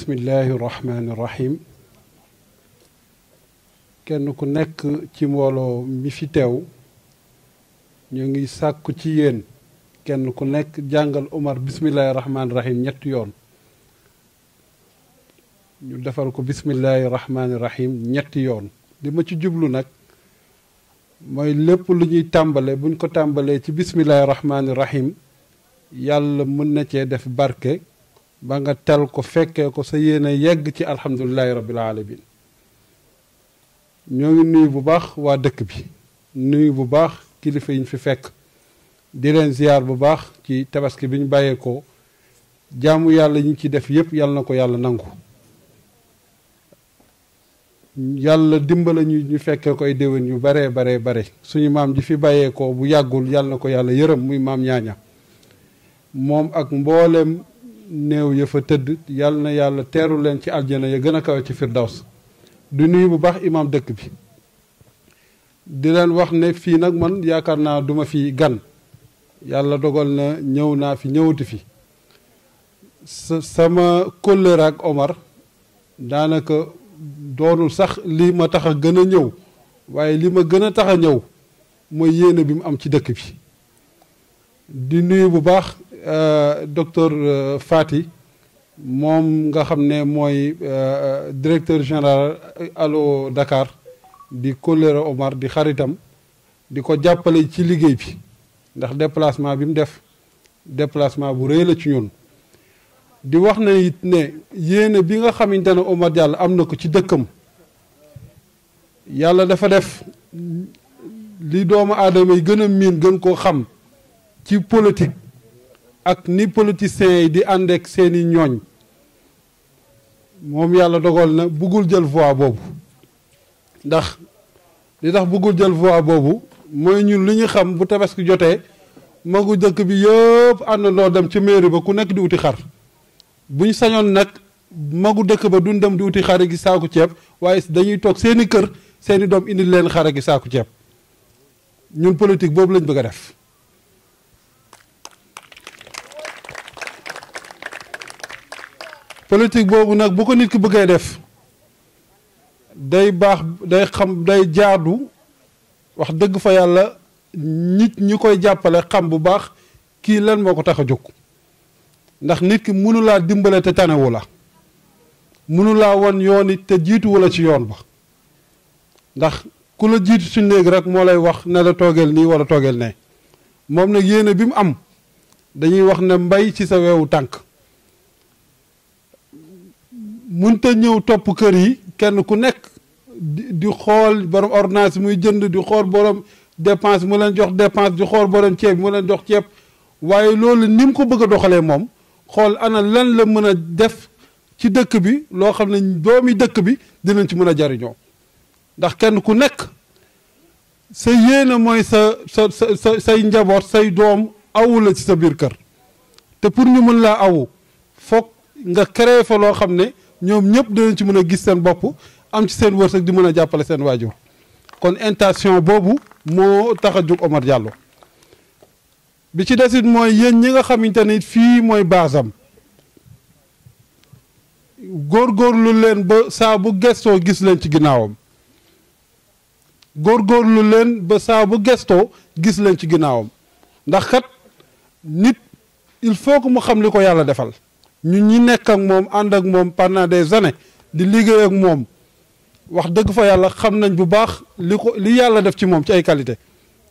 bismillahi rahmaani rahim kenn ku nekk ci mbooloo mi fi teew ñu ngi sàkku ci yéen kenn ku nekk jàngal Omar bismillahi rahmaani rahim ñetti yoon ñu defal ko bismillahi rahmaani rahim ñetti yoon li ma ci jublu nag mooy lépp lu ñuy tàmbale buñ ko tàmbalee ci bismillahi rahmaani rahim yàlla mën na cee def barke ba nga tel ko fekkee ko sa yéene yegg ci alhamdulilahi rabbil alamin ñoo ngi nuyu bu baax waa dëkk bi nuyu bu baax kilifa yi yiñ fi fekk di leen ziyaar bu baax ci tabaski bi ñu bàyyeekoo jaamu yàlla ñi ci def yépp yàlla na ko yàlla nangu yàlla dimbala ñu ñu fekkee koy déwén yu baree baree bare suñu maam ji fi bàyyeekoo bu yàggul yàlla na ko yàlla yërëm muy maam ñaaña moom ak mboolem néew ya fa tëdd yàlla na yàlla teeru leen ci aljana ya gën a kawe ci firdaws du nuyu bu baax imam dëkk bi di leen wax ne fii nag man yaakaar naa duma fi gan yàlla dogal na ñëw naa fi ñëwati fi sama kóllëre ak Omar daanaka doonul sax li ma tax a gën a ñëw waaye li ma gën a tax a ñëw mooy yéene bi mu am ci dëkk bi di nuyu bu baax Euh, docteur euh, faati moom nga xam ne mooy euh, directeur général Allo dakaar di Kolera Omar di xaritam di ko jàppale ci liggéey bi ndax déplacement bi mu def déplacement bu rëy la ci ñun di wax na it ne yéene bi nga xamante ne Omar Diallo am na ko ci dëkkam yàlla dafa def li doomu aadama yi gën a miin gën koo xam ci politique ak ni politiciens yi di ànd ak seeni ñooñ moom yàlla dogal na buggul jël voix boobu ndax li tax bëggul jël voix boobu mooy ñun li ñu xam bu ki jotee magu dëkk bi yëpp àndandoo dem ci mairie ba ku nekk di wuti xar buñ sañoon nag magu dëkk ba duñ dem di uti xare gi saaku ceeb waaye dañuy toog seeni kër seeni doom indi leen xare gi saaku ceeb ñun politique boobu lañ bëgg a def politique boobu nag bu ko nit ki bëggee def day baax day xam day jaadu wax dëgg fa yàlla nit ñi koy jàppale xam bu baax kii lan moo ko tax a jóg ndax nit ki laa dimbale te tanewu la laa won yoon it te jiituwu la ci yoon ba ndax ku la jiitu suñ néeg rek moo lay wax ne la toogeel nii wala toogeel ne moom nag yéene bi mu am dañuy wax ne mbay ci sa weewu tànk mun munta ñëw topp kër yi kenn ku nekk di xool borom ordonnance muy jënd di xool borom dépense mu leen jox dépense di xool borom ceeb mu leen jox ceeb waaye loolu ni mu ko bëgg a doxalee moom xool ana lan la mën a def ci dëkk bi loo xam ne doomi dëkk bi dinañ ci mën a jariñoo ndax kenn ku nekk sa yéene mooy sa sa sa say njaboot say doom awula ci sa biir kër te pour ñu mën laa awu foog nga créé fa loo xam ne ñoom ñëpp dinañ ci mën a gis seen bopp am ci seen wërsëg di mën a jàppale seen waajur kon intention boobu moo tax a jóg Omar Diallo bi ci desit mooy yéen ñi nga xamante ni fii mooy baasam góorgóorlu leen ba saa bu gis leen ci ginnaawam góorgóorlu leen ba saa bu gestoo gis leen ci ginnaawam ndax kat nit il faut que mu xam li ko yàlla defal ñu ñi nekk ak moom ànd ak moom pendant des années di liggéey ak moom wax dëgg fa yàlla xam nañ bu baax li ko li yàlla def ci moom ci ay qualité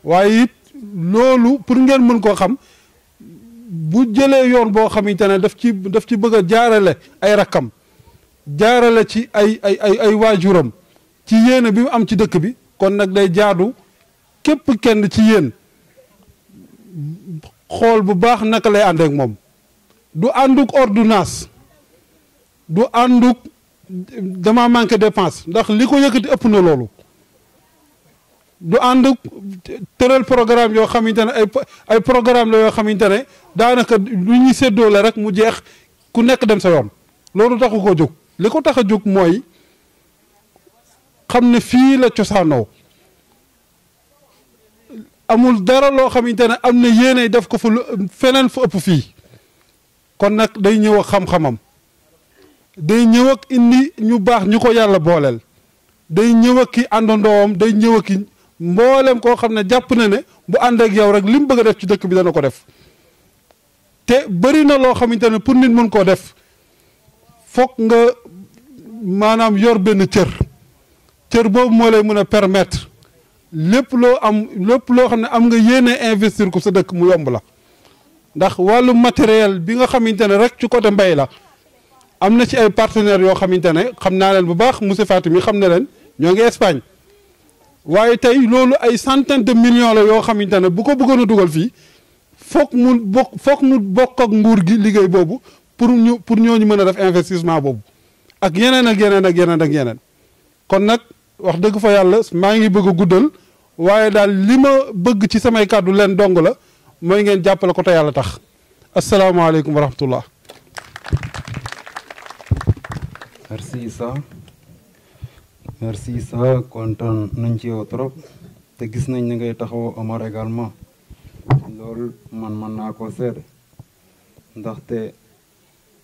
waaye it loolu pour ngeen mën koo xam bu jëlee yoon boo xamante ne daf ci daf ci bëgg a jaarale ay rakkam jaarale ci ay ay ay ay waajuram ci yéene bi mu am ci dëkk bi kon nag day jaadu képp kenn ci yéen xool bu baax naka lay àndeek moom du ànduk ordonnance du ànduk dama manqué dépense ndax li ko yëkkati ëpp na loolu du ànd tëral programme yoo xamante ne ay programme la yoo xamante ne daanaka lu ñuy séddoo la rek mu jeex ku nekk dem sa yoon loolu taxu ko jóg li ko tax a jóg mooy xam na fii la cosaanoo amul dara loo xamante ne am na yéene def ko fu feneen fu ëpp fii kon nak day ñew ak xam-xamam day ñew ak indi ñu bax ñuko yalla yàlla day ñew ak ki andondoom day ñew ak ki ko xamne japp na ne bu and ak yow rek lim bëgg def ci dëkk bi dana ko def te bari na lo xamante pour nit mën ko def fokk nga manam yor ben cër cër bobu mo lay mëna permettre lepp lo am lepp lo xamne am nga yéene investir ko sa dëkk mu yomb la ndax wàllu matériel bi nga xamante ne rek ci côté mbay la am na ci ay partenaires yoo xamante ne xam naa leen bu baax monsieur Fatou mi xam ne leen ñoo ngi Espagne waaye tey loolu ay centaine de millions la yoo xamante ne bu ko bëggoon a dugal fii foog mu bokk foog mu bokk ak nguur gi liggéey boobu pour ñu pour ñoo ñu mën a def investissement boobu ak yeneen ak yeneen ak yeneen ak yeneen kon nag wax dëgg fa yàlla maa ngi bëgg a guddal waaye daal li ma bëgg ci samay kàddu leen dong la moy ngeen jappale ko te yalla tax assalamu alaykum wa rahmatullah merci sa merci sa content nañ ci yow trop te gis nañ ni ngay taxaw Omar également lol man man na ko seede ndaxte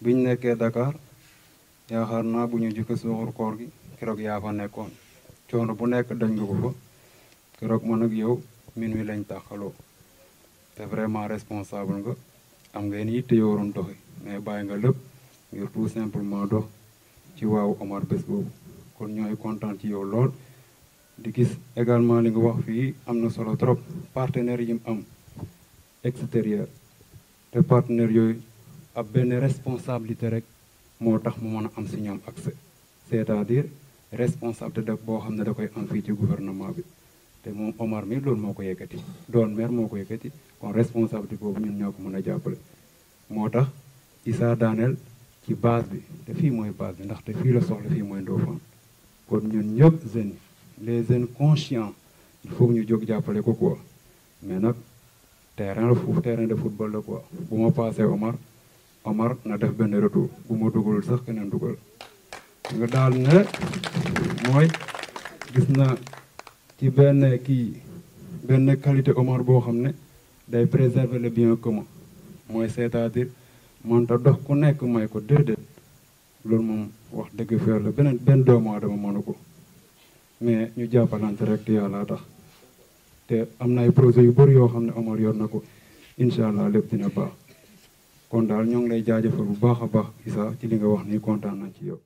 biñ nekkee Dakar ya xarna buñu ñu soor koor gi kérok ya fa nekkoon coono bu nekk dañ nga ko ko kérok man ak yow min wi lañ taxalo te vraiment responsable nga am nga yenn yitte yoo waroon doxi mais bàyyi nga lépp ngir tout simplement dox ci waaw Omar bés boobu kon ñooy kontaan ci yow lool di gis également li nga wax fii am na solo trop partenaire yi mu am extérieur te partenaire yooyu ab benn responsabilité rek moo tax mu mën a am si ñoom accès c'est-à-dire responsabilité da boo xam ne da koy am fii ci gouvernement bi te moom Omar mi loolu moo ko yëkkati doon maire moo ko yëkkati kon responsabilité boobu ñun ñoo ko mën a jàppale moo tax Issa Daniel ci base bi te fii mooy base bi ndaxte fii la soxla fii mooy Ndofane kon ñun ñëpp jeunes les jeunes conscients il faut ñu jóg jàppale ko quoi mais nag terrain la foofu terrain de football la quoi bu ma passé Omar Omar na def benn retour bu ma dugalul sax keneen dugal nga daal ne mooy gis na ci benn kii benn qualité humeur boo xam ne day préserver le bien commun mooy c'est-à-dire mënta dox ku nekk may ko déedéet loolu moom wax dëgg feer la beneen benn doomu aadama mënu ko mais ñu jàppalante rek te yàlla tax te am na ay projet yu bëri yoo xam ne Omar yoon na ko incha allah lépp dina baax kon daal ñoo ngi lay jaajëfal bu baax a baax Issa ci li nga wax nii kontaan nañ ci yow.